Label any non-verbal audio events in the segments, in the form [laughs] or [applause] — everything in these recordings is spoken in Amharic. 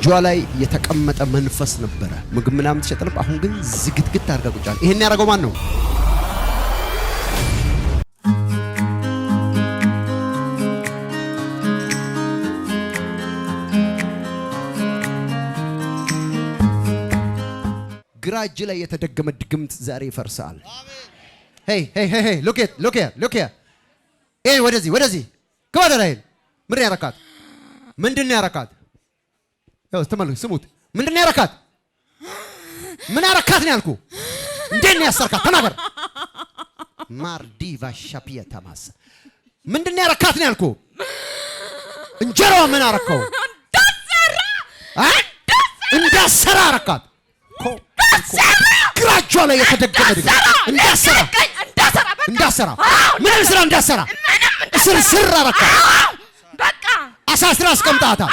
እጇ ላይ የተቀመጠ መንፈስ ነበረ። ምግብ ምናምን ትሸጥ ነበር። አሁን ግን ዝግትግት አድርጋ ቁጭ ይሄን ያደረገው ማን ነው? ግራ እጅ ላይ የተደገመ ድግምት ዛሬ ይፈርሳል። ሄይ ሄይ ሄይ ሎኬት ሎኬት ሎኬት ሄይ ወደዚህ ወደዚህ ግባ ደላይል ምንድን ያረካት? ምንድን ያረካት? ያው ተመልክ፣ ስሙት። ምንድን ነው ያረካት? ምን አረካት ነው ያልኩ? እንዴት ነው ያሰርካት? ተናገር። ማርዲ ቫሻፒያ ተማስ ምንድን ነው ያረካት ነው ያልኩ? እንጀራዋ ምን አረካው? እንዳሰራ አረካት። ግራጇ ላይ የተደገመ እንዳሰራ እንዳሰራ ምንም ስራ እንዳሰራ ስርስር አረካት። አሳስራ አስቀምጣታል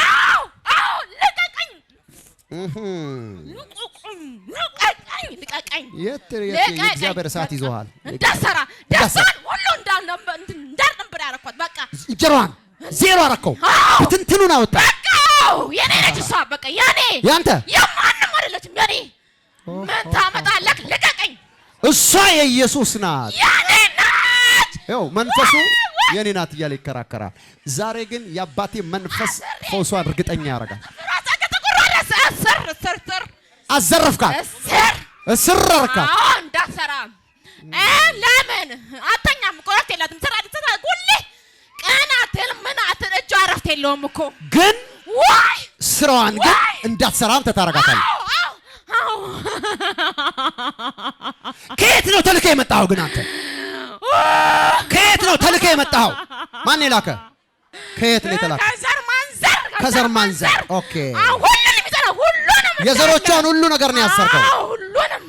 የእግዚአብሔር ሰዓት ይዞሃል። እንዳትሰራ ደርሰሃል። ሁሉ እንዳልነበር ያደረኳት በቃ እንጀሯን ዜሮ አደረከው። ትንትኑን አወጣ። የኔ ነች እሷ። በቃ የኔ ያንተ የማንም አይደለችም። የኔ ምን ታመጣለህ? ልቀቀኝ። እሷ የኢየሱስ ናት። የኔ ናት። ይኸው መንፈሱ የኔ ናት እያለ ይከራከራል። ዛሬ ግን የአባቴ መንፈስ ፈውሷን እርግጠኛ ያደርጋል። አዘረፍካት፣ እስረርካት። እንዳትሰራ ለምን አተኛም? እረፍት የላትም። ስራ ሁሌ ቀን አትል፣ ምን የለውም እኮ ግን ስራዋን ግን እንዳትሰራ አንተ ከየት ነው ተልከ የመጣኸው? ግን አንተ ከየት ነው ተልከህ የመጣኸው? ማን ከየት ነው ከዘር ማንዘር። ኦኬ የዘሮቿን ሁሉ ነገር ነው ያሰርከው። ሁሉንም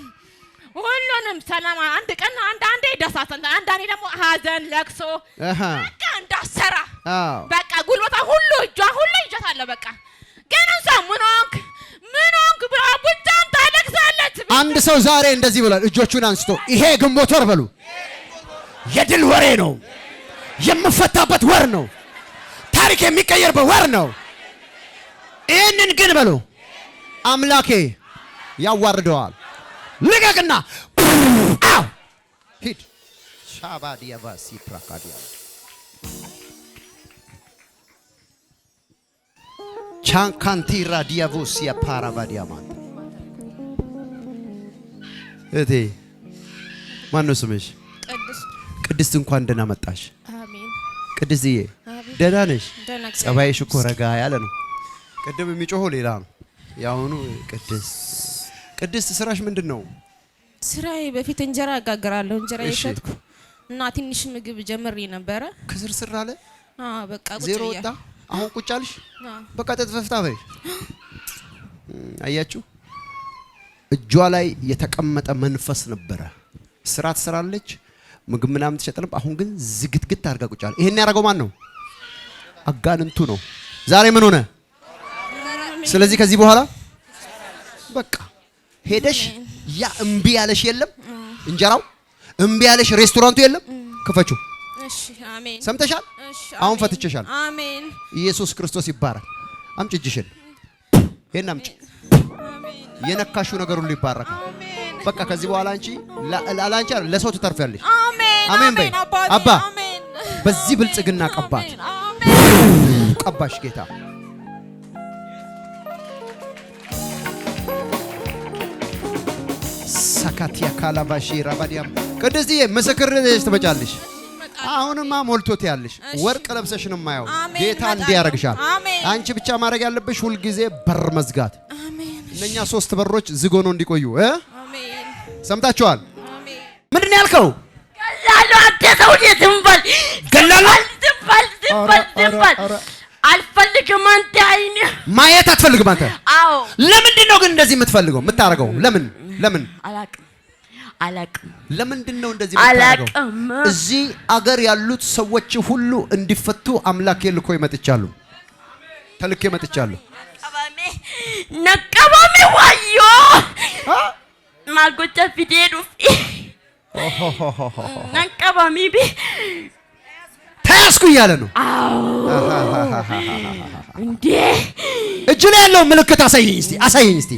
ሁሉንም ሰላም አንድ ቀን አንድ አንዴ ደሳት አንድ አንዴ ደግሞ ሀዘን ለቅሶ በቃ እንዳሰራ በቃ ጉልበታ ሁሉ እጇ ሁሉ ይጀታለ በቃ ግን እንሳ ምን ሆንክ ምን ሆንክ ብላ ቡጫን ታለቅሳለች። አንድ ሰው ዛሬ እንደዚህ ብሏል፣ እጆቹን አንስቶ ይሄ ግንቦት ወር በሉ የድል ወሬ ነው፣ የምፈታበት ወር ነው፣ ታሪክ የሚቀየርበት ወር ነው። ይህንን ግን በሉ አምላኬ ያዋርደዋል። ልቀቅና ሂድ። ሻባዲያቫሲ ፕራካዲያ ቻንካንቲ ራዲያቮስ የፓራባዲያማን እቴ ማን ነው ስምሽ? ቅድስት እንኳን ደህና መጣሽ። ቅድስትዬ ደህና ነሽ? ጸባይሽ እኮ ረጋ ያለ ነው። ቅድም የሚጮኸው ሌላ ነው። የአሁኑ ቅድስት ቅድስት ስራሽ ምንድን ነው? ስራዬ በፊት እንጀራ አጋግራለሁ። እንጀራ እየሸጥኩ እና ትንሽ ምግብ ጀምሬ ነበረ። ከስርስር አለ በቃ ዜሮ ወጣ። አሁን ቁጭ አልሽ። በቃ ተጥፈፍታ በይ። አያችሁ፣ እጇ ላይ የተቀመጠ መንፈስ ነበረ። ስራ ትሰራለች፣ ምግብ ምናምን ትሸጥልም። አሁን ግን ዝግትግት አድርጋ ቁጭ አለ። ይሄን ያደረገው ማን ነው? አጋንንቱ ነው። ዛሬ ምን ሆነ? ስለዚህ ከዚህ በኋላ በቃ ሄደሽ ያ እምቢ ያለሽ የለም፣ እንጀራው እምቢ ያለሽ ሬስቶራንቱ የለም፣ ክፈቹ። ሰምተሻል? አሁን ፈትቸሻል ኢየሱስ ክርስቶስ ይባረክ። አምጪ እጅሽን፣ ይሄን አምጪ። የነካሹ ነገር ሁሉ ይባረካል። በቃ ከዚህ በኋላ አንቺ ላንቺ ለሰው ትተርፊያለሽ። አሜን በይ አባ። በዚህ ብልጽግና ቀባት ቀባሽ ጌታ ሳካቲያ ካላባሺ ራባዲያም ቅድስትዬ ምስክር ትበጫለሽ። አሁንማ ሞልቶት ያለሽ ወርቅ ለብሰሽ ማየው ጌታ እንዲያረግሻል። አንቺ ብቻ ማድረግ ያለብሽ ሁልጊዜ በር መዝጋት። እነኛ ሶስት በሮች ዝግ ሆነው እንዲቆዩ ሰምታችኋል። ምንድን ነው ያልከው? አልፈልግም አንተ አይኔ ማየት አትፈልግም አንተ። አዎ። ለምንድን ነው ግን እንደዚህ የምትፈልገው የምታረገው ለምን? ለምን አላቅም አላቅም። ለምንድን ነው እንደዚህ አላቅም? እዚህ አገር ያሉት ሰዎች ሁሉ እንዲፈቱ አምላኬ ልኮ ይመጥቻሉ፣ ተልኬ ይመጥቻሉ። ነቀባሜ ዋዮ ማጎጫ ፊዴዱ ነቀባሜ ቤ ተያዝኩ እያለ ነው እንዴ! እጅ ላይ ያለው ምልክት አሳየኝ እስቲ፣ እስቲ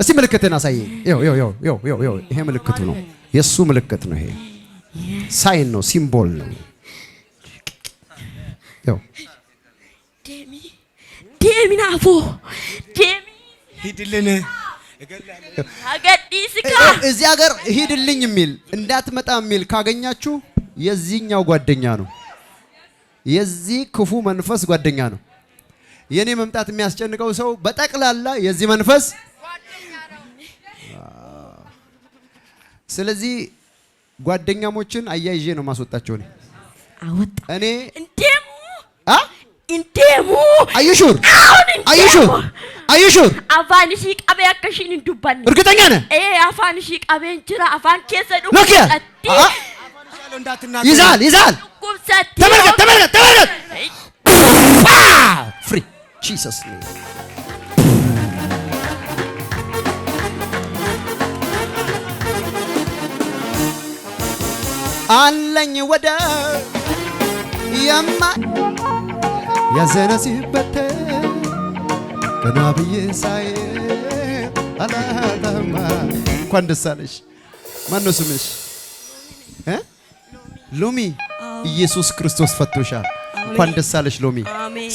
እስቲ ምልክትን አሳየኝ። ይሄ ምልክቱ ነው፣ የእሱ ምልክት ነው። ይሄ ሳይን ነው፣ ሲምቦል ነው። ዴሚናፎ ሂድልን፣ እዚህ ሀገር ሂድልኝ የሚል እንዳትመጣ የሚል ካገኛችሁ የዚህኛው ጓደኛ ነው። የዚህ ክፉ መንፈስ ጓደኛ ነው። የእኔ መምጣት የሚያስጨንቀው ሰው በጠቅላላ የዚህ መንፈስ ስለዚህ ጓደኛሞችን አያይዤ ነው የማስወጣቸው። እኔ አወጣ እኔ እንደሙ አ እንደሙ አይሹር አይሹር አይሹር አፋንሽ እንዱባን እርግጠኛ ነህ? አፋንሽ እንጅራ አፋን ይዛል ይዛል። ተመልከት ተመልከት ተመልከት ፍሪ ጂሰስ አለኝ ወደ የማ ያዘነ ሲበተ ገና ብዬ ሳይ አላታማ እንኳን ደስ አለሽ። ማነው ስምሽ? ሎሚ ኢየሱስ ክርስቶስ ፈቶሻል። እንኳን ደስ አለሽ ሎሚ።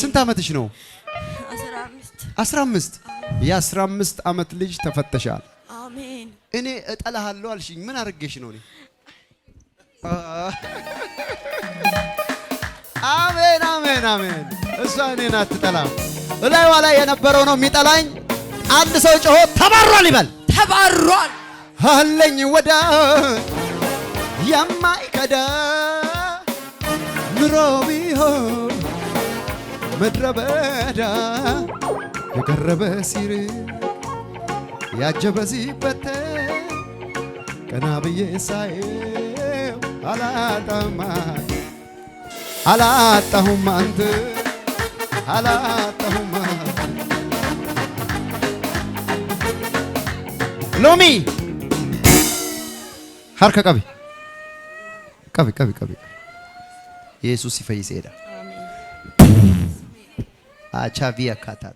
ስንት ዓመትሽ ነው? አስራ አምስት የአስራ አምስት ዓመት ልጅ ተፈተሻል። እኔ እጠላሃለሁ አልሽኝ። ምን አድርጌሽ ነው እኔ [laughs] አሜን አሜን አሜን። እሷ እኔን አትጠላም። እላይዋ ላይ የነበረው ነው የሚጠላኝ። አንድ ሰው ጮሆ ተባሯል ይበል። ተባሯል አለኝ ወዳ የማይከዳ ኑሮ ቢሆን ምድረ በዳ የቀረበ ሲር ያጀበ ሲበተ ቀና ብዬ ሳይ አላጣሁም አንተ አላጣሁም ሎሚ ሀርከ ቀቢ ቀቢ ቀቢ ቀቢ ኢየሱስ ይፈይስ ሄዳ አቻቪ አካታል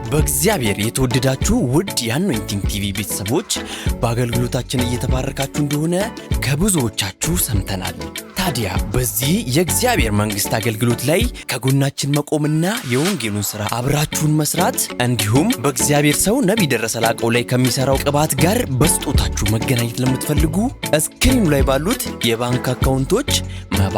በእግዚአብሔር የተወደዳችሁ ውድ የአኖይንቲንግ ቲቪ ቤተሰቦች በአገልግሎታችን እየተባረካችሁ እንደሆነ ከብዙዎቻችሁ ሰምተናል። ታዲያ በዚህ የእግዚአብሔር መንግሥት አገልግሎት ላይ ከጎናችን መቆምና የወንጌሉን ሥራ አብራችሁን መስራት እንዲሁም በእግዚአብሔር ሰው ነቢይ ደረሰ ላቀው ላይ ከሚሠራው ቅባት ጋር በስጦታችሁ መገናኘት ለምትፈልጉ እስክሪኑ ላይ ባሉት የባንክ አካውንቶች መባ